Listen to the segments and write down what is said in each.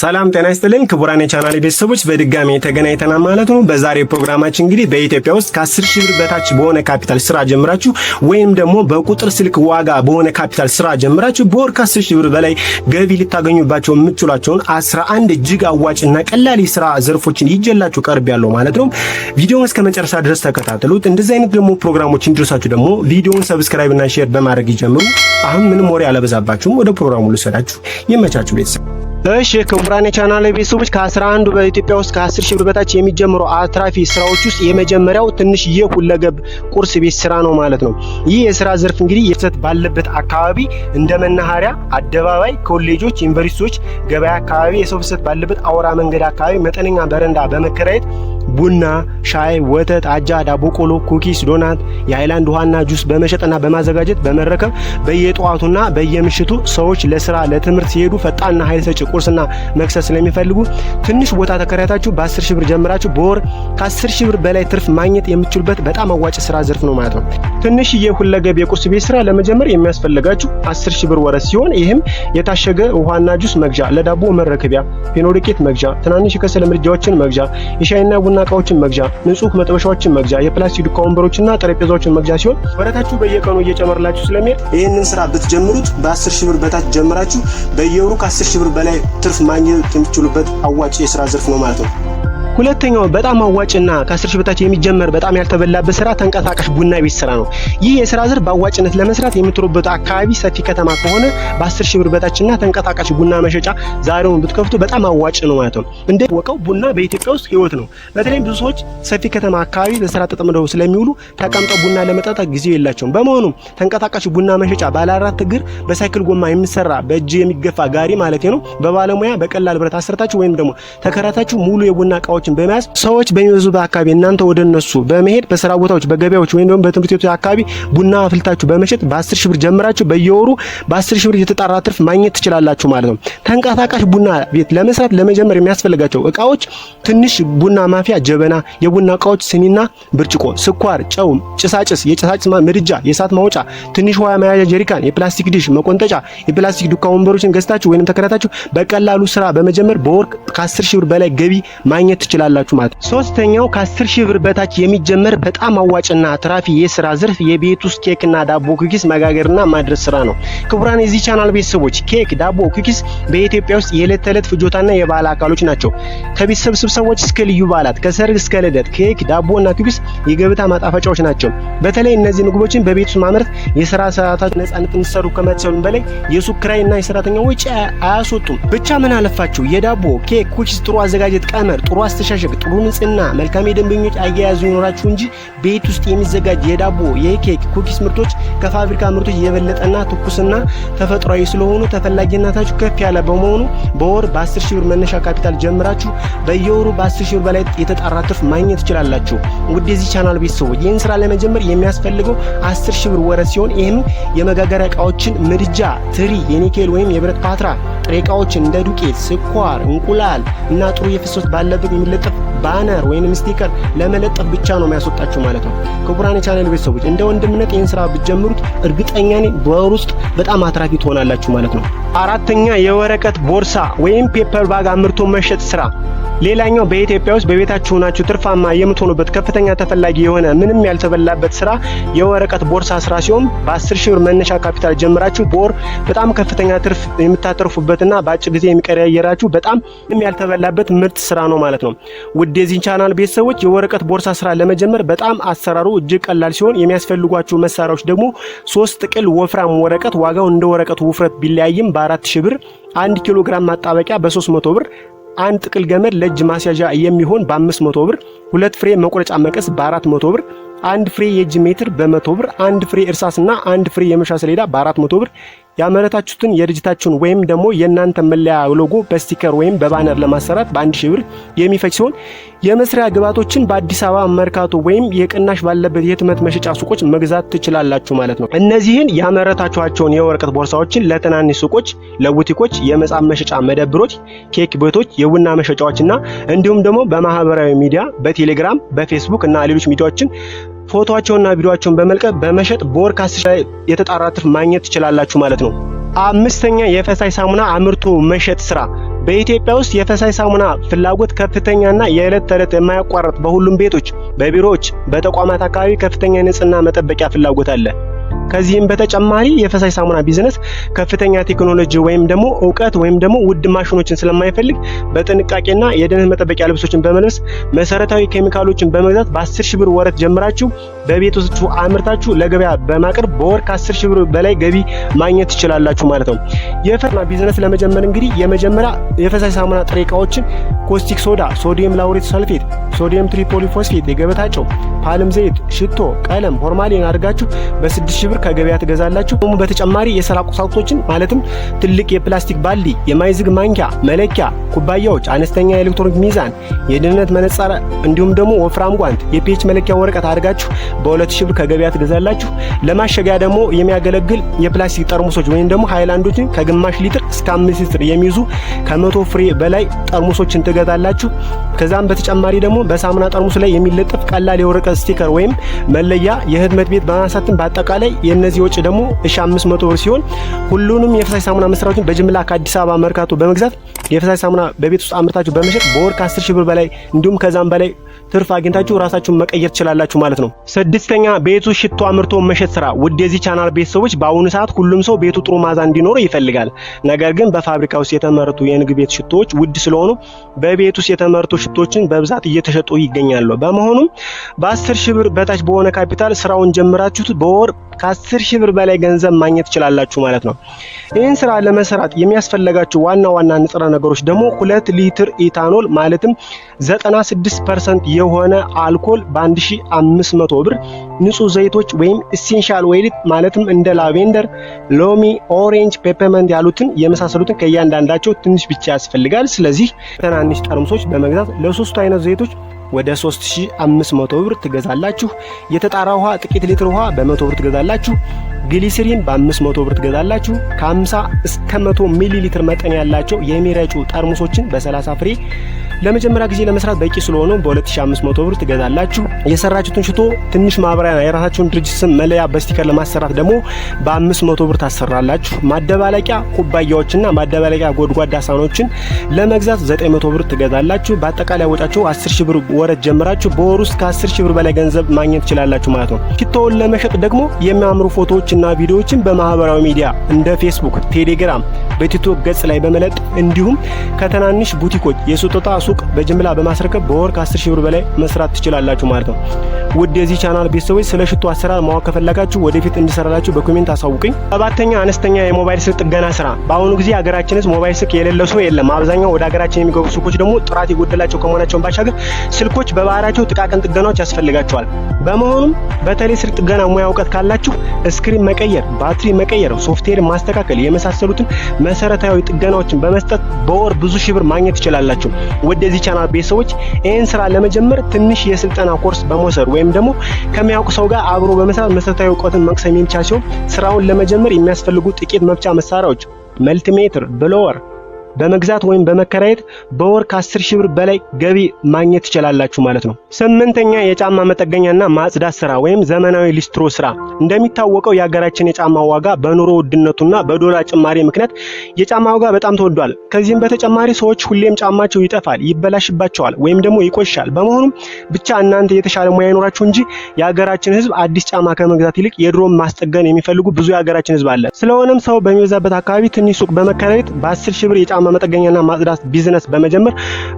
ሰላም ጤና ይስጥልኝ ክቡራን የቻናል ቤተሰቦች በድጋሚ ተገናኝተናል ማለት ነው። በዛሬው ፕሮግራማችን እንግዲህ በኢትዮጵያ ውስጥ ከ10 ሺህ ብር በታች በሆነ ካፒታል ስራ ጀምራችሁ ወይም ደግሞ በቁጥር ስልክ ዋጋ በሆነ ካፒታል ስራ ጀምራችሁ በወር ከ ሺህ ብር በላይ ገቢ ልታገኙባቸው የምትችሏቸውን 11 እጅግ እና ቀላል የስራ ዘርፎችን ይጀላችሁ ቀርብ ያለው ማለት ነው። ቪዲዮውን እስከ መጨረሻ ድረስ ተከታተሉት። እንደዚህ አይነት ደግሞ ፕሮግራሞች እንዲደርሳችሁ ደግሞ ቪዲዮውን ሰብስክራይብ እና ሼር በማድረግ ይጀምሩ። አሁን ምንም ወሬ አለበዛባችሁም። ወደ ፕሮግራሙ ልሰዳችሁ ይመቻችሁ ቤተሰብ እሺ ክቡራን የቻናል ቤተሰቦች ከ11 በኢትዮጵያ ውስጥ ከ10 ሺህ ብር በታች የሚጀምሩ አትራፊ ስራዎች ውስጥ የመጀመሪያው ትንሽ የሁለገብ ቁርስ ቤት ስራ ነው ማለት ነው። ይህ የስራ ዘርፍ እንግዲህ የፍሰት ባለበት አካባቢ እንደ መናኸሪያ፣ አደባባይ፣ ኮሌጆች፣ ዩኒቨርሲቲዎች፣ ገበያ አካባቢ፣ የሰው ፍሰት ባለበት አውራ መንገድ አካባቢ መጠነኛ በረንዳ በመከራየት ቡና፣ ሻይ፣ ወተት፣ አጃ፣ ዳቦ ቆሎ፣ ኩኪስ፣ ዶናት፣ የሃይላንድ ውሃና ጁስ በመሸጥና በማዘጋጀት በመረከብ በየጠዋቱና በየምሽቱ ሰዎች ለስራ ለትምህርት ሲሄዱ ፈጣንና ኃይል ሰጪ ቁርስና መክሰስ ስለሚፈልጉ ትንሽ ቦታ ተከራይታችሁ በ10 ሺህ ብር ጀምራችሁ በወር ከ10 ሺህ ብር በላይ ትርፍ ማግኘት የምትችሉበት በጣም አዋጭ ስራ ዘርፍ ነው ማለት ነው። ትንሽ የሁለገብ የቁርስ ቤት ስራ ለመጀመር የሚያስፈልጋችሁ 10 ሺህ ብር ወረት ሲሆን ይህም የታሸገ ውሃና ጁስ መግዣ፣ ለዳቦ መረከቢያ፣ ፌኖ ዱቄት መግዣ፣ ትናንሽ የከሰል ምድጃዎችን መግዣ፣ የሻይና ቡና እቃዎችን መግዣ፣ ንጹህ መጥበሻዎችን መግዣ፣ የፕላስቲክ ዱካ ወንበሮችና ጠረጴዛዎችን መግዣ ሲሆን ወረታችሁ በየቀኑ እየጨመርላችሁ ስለሚሄድ ይህንን ስራ ብትጀምሩት በ10 ሺህ ብር በታች ጀምራችሁ በየወሩ ከ10 ሺህ ብር በላይ ትርፍ ማግኘት የምትችሉበት አዋጭ የስራ ዘርፍ ነው ማለት ነው። ሁለተኛው በጣም አዋጭና ከአስር ሺህ በታች የሚጀመር በጣም ያልተበላበት ስራ ተንቀሳቃሽ ቡና ቤት ስራ ነው። ይህ የስራ ዘርፍ በአዋጭነት ለመስራት የምትሮበት አካባቢ ሰፊ ከተማ ከሆነ በ10 ሺህ ብር በታችና ተንቀሳቃሽ ቡና መሸጫ ዛሬውን ብትከፍቱ በጣም አዋጭ ነው ማለት ነው። እንደወቀው ቡና በኢትዮጵያ ውስጥ ህይወት ነው። በተለይም ብዙ ሰዎች ሰፊ ከተማ አካባቢ ለስራ ተጠምደው ስለሚውሉ ተቀምጠው ቡና ለመጠጣት ጊዜ የላቸውም። በመሆኑም ተንቀሳቃሽ ቡና መሸጫ ባለ አራት እግር በሳይክል ጎማ የሚሰራ በእጅ የሚገፋ ጋሪ ማለት ነው በባለሙያ በቀላል ብረት አስርታችሁ ወይም ደግሞ ተከራታችሁ ሙሉ የቡና እቃዎች መሳሪያዎችን በመያዝ ሰዎች በሚበዙበት አካባቢ እናንተ ወደ እነሱ በመሄድ በስራ ቦታዎች፣ በገበያዎች ወይም ደግሞ በትምህርት ቤቶች አካባቢ ቡና አፍልታችሁ በመሸጥ በ10 ሺህ ብር ጀምራችሁ በየወሩ በ10 ሺህ ብር የተጣራ ትርፍ ማግኘት ትችላላችሁ ማለት ነው። ተንቀሳቃሽ ቡና ቤት ለመስራት ለመጀመር የሚያስፈልጋቸው እቃዎች ትንሽ ቡና ማፊያ ጀበና፣ የቡና እቃዎች ስኒና ብርጭቆ፣ ስኳር፣ ጨው፣ ጭሳጭስ፣ የጭሳጭስ ምድጃ፣ የእሳት ማውጫ፣ ትንሽ ውሃ መያዣ ጀሪካን፣ የፕላስቲክ ዲሽ፣ መቆንጠጫ፣ የፕላስቲክ ዱካ ወንበሮችን ገዝታችሁ ወይም ተከራታችሁ በቀላሉ ስራ በመጀመር በወርቅ ከ10 ሺህ ብር በላይ ገቢ ማግኘት ትችላላችሁ ማለት ነው። ሶስተኛው ከ10 ሺህ ብር በታች የሚጀመር በጣም አዋጭና አትራፊ የስራ ዘርፍ የቤት ውስጥ ኬክና ዳቦ ኩኪስ መጋገርና ማድረስ ስራ ነው። ክቡራን የዚህ ቻናል ቤተሰቦች ኬክ፣ ዳቦ፣ ኩኪስ በኢትዮጵያ ውስጥ የዕለት ተዕለት ፍጆታና የባህል አካሎች ናቸው። ከቤተሰብ ስብሰባዎች እስከ ልዩ በዓላት፣ ከሰርግ እስከ ልደት ኬክ፣ ዳቦና ኩኪስ የገበታ ማጣፈጫዎች ናቸው። በተለይ እነዚህ ምግቦችን በቤት ውስጥ ማምረት የስራ ሰዓታት ነጻነት እንድትሰሩ ከመሰሉን በላይ የሱቅ ክራይና የሰራተኛ ወጪ አያስወጡም። ብቻ ምን አለፋችሁ የዳቦ ኬክ፣ ኩኪስ ጥሩ አዘጋጀት ቀመር ጥሩ አስተሻሸግ፣ ጥሩ ንጽህና፣ መልካም የደንበኞች አያያዙ ይኖራችሁ እንጂ ቤት ውስጥ የሚዘጋጅ የዳቦ የኬክ፣ ኩኪስ ምርቶች ከፋብሪካ ምርቶች የበለጠና ትኩስና ተፈጥሯዊ ስለሆኑ ተፈላጊነታችሁ ከፍ ያለ በመሆኑ በወር በ10 ሺህ ብር መነሻ ካፒታል ጀምራችሁ በየወሩ በ10 ሺህ ብር በላይ የተጣራ ትርፍ ማግኘት ትችላላችሁ። ውድ የዚህ ቻናል ቤተሰቦች ይህን ስራ ለመጀመር የሚያስፈልገው 10 ሺህ ብር ወረት ሲሆን ይህም የመጋገሪያ እቃዎችን ምድጃ፣ ትሪ፣ የኒኬል ወይም የብረት ፓትራ፣ ጥሬ እቃዎችን እንደ ዱቄት፣ ስኳር፣ እንቁላል እና ጥሩ የፍሰት ባለበት የሚለ ለመለጠፍ ባነር ወይም ስቲከር ለመለጠፍ ብቻ ነው የሚያስወጣችሁ ማለት ነው። ክቡራን የቻናል ቤተሰቦች እንደ ወንድምነት ይህን ስራ ብትጀምሩት እርግጠኛ ነኝ በወር ውስጥ በጣም አትራፊ ትሆናላችሁ ማለት ነው። አራተኛ የወረቀት ቦርሳ ወይም ፔፐር ባግ አምርቶ መሸጥ ስራ ሌላኛው በኢትዮጵያ ውስጥ በቤታችሁ ሆናችሁ ትርፋማ የምትሆኑበት ከፍተኛ ተፈላጊ የሆነ ምንም ያልተበላበት ስራ የወረቀት ቦርሳ ስራ ሲሆን በ10 ሺህ ብር መነሻ ካፒታል ጀምራችሁ በወር በጣም ከፍተኛ ትርፍ የምታተርፉበትና በአጭር ጊዜ የሚቀያየራችሁ በጣም ምንም ያልተበላበት ምርጥ ስራ ነው ማለት ነው። ውድ የዚህ ቻናል ቤተሰቦች የወረቀት ቦርሳ ስራ ለመጀመር በጣም አሰራሩ እጅግ ቀላል ሲሆን የሚያስፈልጓችሁ መሳሪያዎች ደግሞ ሶስት ጥቅል ወፍራም ወረቀት ዋጋው እንደ ወረቀቱ ውፍረት ቢለያይም በ4000 ብር አንድ ኪሎ ግራም ማጣበቂያ በ300 ብር አንድ ጥቅል ገመድ ለእጅ ማስያዣ የሚሆን በ500 ብር፣ ሁለት ፍሬ መቁረጫ መቀስ በ400 ብር፣ አንድ ፍሬ የእጅ ሜትር በ100 ብር፣ አንድ ፍሬ እርሳስና አንድ ፍሬ የመሻ ሰሌዳ በ400 ብር፣ ያመረታችሁትን የድርጅታችሁን ወይም ደግሞ የእናንተ መለያ ሎጎ በስቲከር ወይም በባነር ለማሰራት በአንድ ሺህ ብር የሚፈጅ ሲሆን የመስሪያ ግብዓቶችን በአዲስ አበባ መርካቶ ወይም የቅናሽ ባለበት የህትመት መሸጫ ሱቆች መግዛት ትችላላችሁ ማለት ነው። እነዚህን ያመረታችኋቸውን የወረቀት ቦርሳዎችን ለትናንሽ ሱቆች፣ ለቡቲኮች፣ የመጽሐፍ መሸጫ መደብሮች፣ ኬክ ቤቶች፣ የቡና መሸጫዎችና እንዲሁም ደግሞ በማህበራዊ ሚዲያ በቴሌግራም፣ በፌስቡክ እና ሌሎች ሚዲያዎችን ፎቶቸውና ቪዲዮቸውን በመልቀቅ በመሸጥ በወር ከ ላይ የተጣራ ትርፍ ማግኘት ትችላላችሁ ማለት ነው። አምስተኛ የፈሳሽ ሳሙና አምርቶ መሸጥ ስራ በኢትዮጵያ ውስጥ የፈሳሽ ሳሙና ፍላጎት ከፍተኛና የዕለት ተዕለት የማያቋርጥ በሁሉም ቤቶች፣ በቢሮዎች፣ በተቋማት አካባቢ ከፍተኛ የንጽህና መጠበቂያ ፍላጎት አለ። ከዚህም በተጨማሪ የፈሳሽ ሳሙና ቢዝነስ ከፍተኛ ቴክኖሎጂ ወይም ደግሞ እውቀት ወይም ደግሞ ውድ ማሽኖችን ስለማይፈልግ በጥንቃቄና የደህንነት መጠበቂያ ልብሶችን በመልበስ መሰረታዊ ኬሚካሎችን በመግዛት በ10 ሺህ ብር ወረት ጀምራችሁ በቤት ውስጥ አምርታችሁ ለገበያ በማቅረብ በወር ከ10 ሺህ ብር በላይ ገቢ ማግኘት ትችላላችሁ ማለት ነው። የፈርና ቢዝነስ ለመጀመር እንግዲህ የመጀመሪያ የፈሳሽ ሳሙና ጥሬ እቃዎችን ኮስቲክ ሶዳ፣ ሶዲየም ላውሬት ሰልፌት፣ ሶዲየም ትሪፖሊፎስፌት፣ የገበታ ጨው፣ ፓልም ዘይት፣ ሽቶ፣ ቀለም፣ ፎርማሊን አድርጋችሁ በ6 ሺህ ብር ከገበያ ትገዛላችሁ። ደግሞ በተጨማሪ የስራ ቁሳቁሶችን ማለትም ትልቅ የፕላስቲክ ባልዲ፣ የማይዝግ ማንኪያ፣ መለኪያ፣ ኩባያዎች፣ አነስተኛ የኤሌክትሮኒክ ሚዛን፣ የድህነት መነጽር እንዲሁም ደግሞ ወፍራም ጓንት፣ የፒኤች መለኪያ ወረቀት አድርጋችሁ በሁለት ሺህ ብር ከገበያ ትገዛላችሁ። ለማሸጊያ ደግሞ የሚያገለግል የፕላስቲክ ጠርሙሶች ወይም ደግሞ ሃይላንዶችን ከግማሽ ሊትር እስከ አምስት ሊትር የሚይዙ ከመቶ ፍሬ በላይ ጠርሙሶችን ትገዛላችሁ። ከዛም በተጨማሪ ደግሞ በሳሙና ጠርሙስ ላይ የሚለጠፍ ቀላል የወረቀት ስቲከር ወይም መለያ የህትመት ቤት በማሳተም በአጠቃላይ የነዚህ ወጪ ደግሞ 500 ብር ሲሆን ሁሉንም የፈሳሽ ሳሙና መስራቶችን በጅምላ ከአዲስ አበባ መርካቶ በመግዛት የፈሳሽ ሳሙና በቤት ውስጥ አምርታችሁ በመሸጥ በወር ከ10 ሺህ ብር በላይ እንዲሁም ከዛም በላይ ትርፍ አግኝታችሁ ራሳችሁን መቀየር ትችላላችሁ ማለት ነው። ስድስተኛ ቤቱ ሽቶ አምርቶ መሸጥ ስራ። ውድ የዚህ ቻናል ቤተሰቦች በአሁኑ ሰዓት ሁሉም ሰው ቤቱ ጥሩ ማዛ እንዲኖረው ይፈልጋል። ነገር ግን በፋብሪካ ውስጥ የተመረቱ የንግድ ቤት ሽቶዎች ውድ ስለሆኑ በቤት ውስጥ የተመረቱ ሽቶችን በብዛት እየተሸጡ ይገኛሉ። በመሆኑም በ10 ሺህ ብር በታች በሆነ ካፒታል ስራውን ጀምራችሁት በወር ከአስር ሺህ ብር በላይ ገንዘብ ማግኘት ትችላላችሁ ማለት ነው። ይህን ስራ ለመስራት የሚያስፈልጋችሁ ዋና ዋና ንጥረ ነገሮች ደግሞ ሁለት ሊትር ኢታኖል ማለትም 96% የሆነ አልኮል በ1500 ብር፣ ንጹህ ዘይቶች ወይም ኢሴንሻል ወይል ማለትም እንደ ላቬንደር፣ ሎሚ፣ ኦሬንጅ፣ ፔፐመንት ያሉትን የመሳሰሉትን ከእያንዳንዳቸው ትንሽ ብቻ ያስፈልጋል። ስለዚህ ትናንሽ ጠርሙሶች በመግዛት ለሶስቱ አይነት ዘይቶች ወደ 3500 ብር ትገዛላችሁ። የተጣራ ውሃ ጥቂት ሊትር ውሃ በ100 ብር ትገዛላችሁ። ግሊሰሪን በ500 ብር ትገዛላችሁ። ከ50 እስከ 100 ሚሊ ሊትር መጠን ያላቸው የሚረጩ ጠርሙሶችን በ30 ፍሬ ለመጀመሪያ ጊዜ ለመስራት በቂ ስለሆነ በ2500 ብር ትገዛላችሁ። የሰራችሁትን ሽቶ ትንሽ ማብራሪያ፣ የራሳችሁን ድርጅት ስም መለያ በስቲከር ለማሰራት ደግሞ በ500 ብር ታሰራላችሁ። ማደባለቂያ ኩባያዎችና ማደባለቂያ ጎድጓዳ ሳህኖችን ለመግዛት 900 ብር ትገዛላችሁ። በአጠቃላይ ወጫቸው 10000 ብር ወረት ጀምራችሁ በወር ውስጥ ከ10 ሺህ ብር በላይ ገንዘብ ማግኘት ትችላላችሁ ማለት ነው። ሽቶውን ለመሸጥ ደግሞ የሚያምሩ ፎቶዎችና ቪዲዮዎችን በማህበራዊ ሚዲያ እንደ ፌስቡክ፣ ቴሌግራም፣ በቲክቶክ ገጽ ላይ በመለጥ እንዲሁም ከትናንሽ ቡቲኮች የስጦታ ሱቅ በጅምላ በማስረከብ በወር ከ10 ሺህ ብር በላይ መስራት ትችላላችሁ ማለት ነው። ውድ የዚህ ቻናል ቤተሰቦች ስለ ሽቶ አሰራር ማወቅ ከፈለጋችሁ ወደፊት እንዲሰራላችሁ በኮሜንት አሳውቅኝ። ሰባተኛ አነስተኛ የሞባይል ስልክ ጥገና ስራ። በአሁኑ ጊዜ ሀገራችን ሞባይል ስልክ የሌለው ሰው የለም። አብዛኛው ወደ ሀገራችን የሚገቡ ሱቆች ደግሞ ጥራት የጎደላቸው ከመሆናቸውን ባሻገር ስልክ ስልኮች በባህሪያቸው ጥቃቅን ጥገናዎች ያስፈልጋቸዋል። በመሆኑም በተለይ ስልክ ጥገና ሙያ እውቀት ካላችሁ ስክሪን መቀየር፣ ባትሪ መቀየር፣ ሶፍትዌር ማስተካከል የመሳሰሉትን መሰረታዊ ጥገናዎችን በመስጠት በወር ብዙ ሺህ ብር ማግኘት ትችላላችሁ። ወደዚህ ቻናል ቤተሰቦች ይህን ስራ ለመጀመር ትንሽ የስልጠና ኮርስ በመውሰድ ወይም ደግሞ ከሚያውቅ ሰው ጋር አብሮ በመስራት መሰረታዊ እውቀትን መቅሰም የሚቻል ሲሆን ስራውን ለመጀመር የሚያስፈልጉ ጥቂት መፍቻ መሳሪያዎች መልቲሜትር፣ ብሎወር በመግዛት ወይም በመከራየት በወር ከ10 ሺህ ብር በላይ ገቢ ማግኘት ትችላላችሁ ማለት ነው። ስምንተኛ የጫማ መጠገኛና ማጽዳት ስራ ወይም ዘመናዊ ሊስትሮ ስራ። እንደሚታወቀው የሀገራችን የጫማ ዋጋ በኑሮ ውድነቱና በዶላር ጭማሪ ምክንያት የጫማ ዋጋ በጣም ተወዷል። ከዚህም በተጨማሪ ሰዎች ሁሌም ጫማቸው ይጠፋል፣ ይበላሽባቸዋል፣ ወይም ደግሞ ይቆሻል። በመሆኑም ብቻ እናንተ የተሻለ ሙያ ይኖራችሁ እንጂ የሀገራችን ህዝብ አዲስ ጫማ ከመግዛት ይልቅ የድሮም ማስጠገን የሚፈልጉ ብዙ የሀገራችን ህዝብ አለ። ስለሆነም ሰው በሚበዛበት አካባቢ ትንሽ ሱቅ በመከራየት በ10 ሺህ ብር የጫማ ጫማ መጠገኛና ማጽዳት ቢዝነስ በመጀመር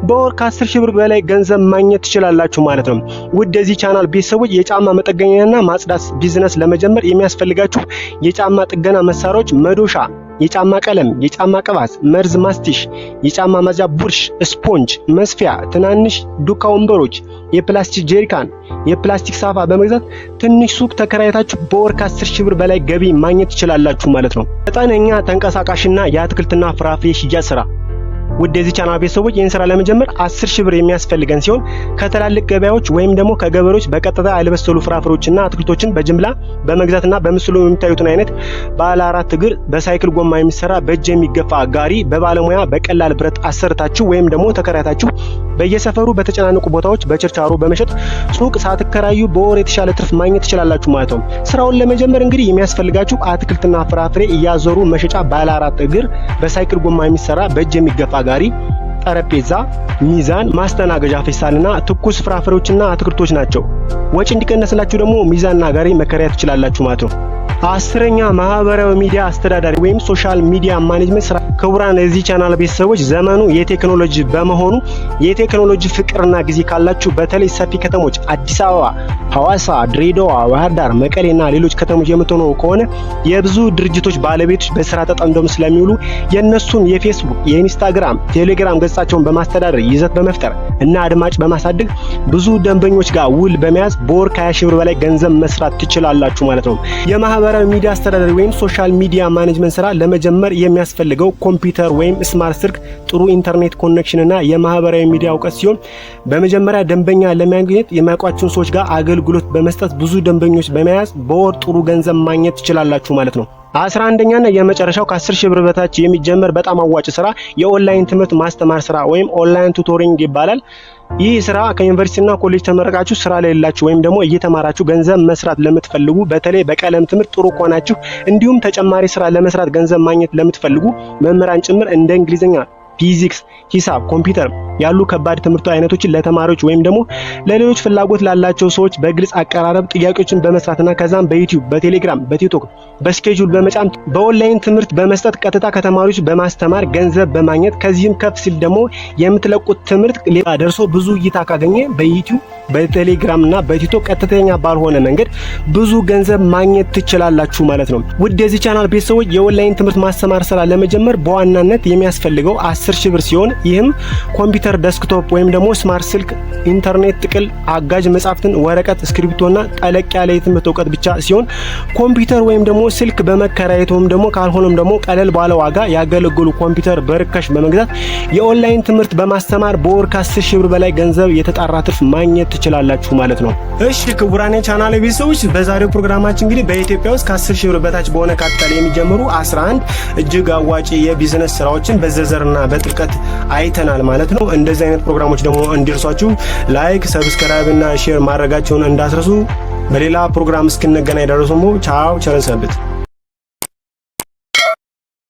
በወር ከ10 ሺህ ብር በላይ ገንዘብ ማግኘት ትችላላችሁ ማለት ነው። ውድ የዚህ ቻናል ቤተሰቦች የጫማ መጠገኛና ማጽዳት ቢዝነስ ለመጀመር የሚያስፈልጋችሁ የጫማ ጥገና መሳሪያዎች መዶሻ የጫማ ቀለም፣ የጫማ ቅባት፣ መርዝ ማስቲሽ፣ የጫማ ማዚያ ቡርሽ፣ ስፖንጅ፣ መስፊያ፣ ትናንሽ ዱካ ወንበሮች፣ የፕላስቲክ ጀሪካን፣ የፕላስቲክ ሳፋ በመግዛት ትንሽ ሱቅ ተከራይታችሁ በወር ከ10 ሺህ ብር በላይ ገቢ ማግኘት ትችላላችሁ ማለት ነው። መጠነኛ ተንቀሳቃሽና የአትክልትና ፍራፍሬ ሽያጭ ስራ ውድ የዚህ ቻናል ቤተሰቦች ይህን ስራ ለመጀመር 10 ሺህ ብር የሚያስፈልገን ሲሆን ከትላልቅ ገበያዎች ወይም ደግሞ ከገበሬዎች በቀጥታ ያልበሰሉ ፍራፍሬዎችና አትክልቶችን በጅምላ በመግዛትና በምስሉ የሚታዩትን አይነት ባለ አራት እግር በሳይክል ጎማ የሚሰራ በእጅ የሚገፋ ጋሪ በባለሙያ በቀላል ብረት አሰርታችሁ ወይም ደግሞ ተከራይታችሁ በየሰፈሩ በተጨናነቁ ቦታዎች በችርቻሮ በመሸጥ ሱቅ ሳትከራዩ በወር የተሻለ ትርፍ ማግኘት ትችላላችሁ ማለት ነው። ስራውን ለመጀመር እንግዲህ የሚያስፈልጋችሁ አትክልትና ፍራፍሬ እያዞሩ መሸጫ ባለ አራት እግር በሳይክል ጎማ የሚሰራ በእጅ የሚገፋ ጋሪ፣ ጠረጴዛ፣ ሚዛን፣ ማስተናገጃ ፌስታልና ትኩስ ፍራፍሬዎችና አትክልቶች ናቸው። ወጪ እንዲቀነስላችሁ ደግሞ ሚዛንና ጋሪ መከራየት ትችላላችሁ ማለት ነው። አስረኛ ማህበራዊ ሚዲያ አስተዳዳሪ ወይም ሶሻል ሚዲያ ማኔጅመንት ስራ። ክቡራን የዚህ ቻናል ቤተሰቦች ዘመኑ የቴክኖሎጂ በመሆኑ የቴክኖሎጂ ፍቅርና ጊዜ ካላችሁ በተለይ ሰፊ ከተሞች አዲስ አበባ፣ ሐዋሳ፣ ድሬዳዋ፣ ባህር ዳር፣ መቀሌና ሌሎች ከተሞች የምትሆነው ከሆነ የብዙ ድርጅቶች ባለቤቶች በስራ ተጠምደም ስለሚውሉ የእነሱን የፌስቡክ፣ የኢንስታግራም፣ ቴሌግራም ገጻቸውን በማስተዳደር ይዘት በመፍጠር እና አድማጭ በማሳደግ ብዙ ደንበኞች ጋር ውል በመያዝ በወር ከ20 ሺህ ብር በላይ ገንዘብ መስራት ትችላላችሁ ማለት ነው። የማህበራዊ ሚዲያ አስተዳደር ወይም ሶሻል ሚዲያ ማኔጅመንት ስራ ለመጀመር የሚያስፈልገው ኮምፒውተር ወይም ስማርት ስልክ፣ ጥሩ ኢንተርኔት ኮኔክሽን እና የማህበራዊ ሚዲያ እውቀት ሲሆን በመጀመሪያ ደንበኛ ለማግኘት የሚያውቋቸውን ሰዎች ጋር አገልግሎት በመስጠት ብዙ ደንበኞች በመያዝ በወር ጥሩ ገንዘብ ማግኘት ትችላላችሁ ማለት ነው። አስራ አንደኛና የመጨረሻው ከ10 ሺህ ብር በታች የሚጀመር በጣም አዋጭ ስራ የኦንላይን ትምህርት ማስተማር ስራ ወይም ኦንላይን ቱቶሪንግ ይባላል። ይህ ስራ ከዩኒቨርሲቲና ኮሌጅ ተመረቃችሁ ስራ ላይ ወይም ደግሞ እየተማራችሁ ገንዘብ መስራት ለምትፈልጉ በተለይ በቀለም ትምህርት ጥሩ ከሆናችሁ እንዲሁም ተጨማሪ ስራ ለመስራት ገንዘብ ማግኘት ለምትፈልጉ መምህራን ጭምር እንደ እንግሊዝኛ፣ ፊዚክስ፣ ሂሳብ፣ ኮምፒውተር ያሉ ከባድ ትምህርት አይነቶችን ለተማሪዎች ወይም ደግሞ ለሌሎች ፍላጎት ላላቸው ሰዎች በግልጽ አቀራረብ ጥያቄዎችን በመስራትና ከዛም በዩቲዩብ፣ በቴሌግራም፣ በቲክቶክ በስኬጁል በመጫን በኦንላይን ትምህርት በመስጠት ቀጥታ ከተማሪዎች በማስተማር ገንዘብ በማግኘት ከዚህም ከፍ ሲል ደግሞ የምትለቁት ትምህርት ሌላ ደርሶ ብዙ እይታ ካገኘ በዩቲዩብ በቴሌግራም እና በቲክቶክ ቀጥተኛ ባልሆነ መንገድ ብዙ ገንዘብ ማግኘት ትችላላችሁ ማለት ነው። ውድ የዚህ ቻናል ቤተሰቦች የኦንላይን ትምህርት ማስተማር ስራ ለመጀመር በዋናነት የሚያስፈልገው 10 ሺህ ብር ሲሆን ይህም ኮምፒውተር ኮምፒውተር፣ ዴስክቶፕ ወይም ደግሞ ስማርት ስልክ፣ ኢንተርኔት ጥቅል፣ አጋዥ መጻሕፍትን፣ ወረቀት፣ እስክሪብቶና ጠለቅ ያለ የትምህርት እውቀት ብቻ ሲሆን ኮምፒውተር ወይም ደግሞ ስልክ በመከራየት ወይም ደግሞ ካልሆነም ደግሞ ቀለል ባለ ዋጋ ያገለግሉ ኮምፒውተር በርካሽ በመግዛት የኦንላይን ትምህርት በማስተማር በወር 10 ሺህ ብር በላይ ገንዘብ የተጣራ ትርፍ ማግኘት ትችላላችሁ ማለት ነው። እሺ ክቡራን ቻናል ቤተሰቦች በዛሬው ፕሮግራማችን እንግዲህ በኢትዮጵያ ውስጥ ከአስር ሺህ ብር በታች በሆነ ካፒታል የሚጀምሩ 11 እጅግ አዋጪ የቢዝነስ ስራዎችን በዝርዝርና በጥልቀት አይተናል ማለት ነው። እንደዚህ አይነት ፕሮግራሞች ደግሞ እንዲደርሷችሁ ላይክ፣ ሰብስክራይብ እና ሼር ማድረጋቸውን እንዳስረሱ። በሌላ ፕሮግራም እስክንገናኝ ደረሱ። ቻው፣ ቸርን ሰንብት።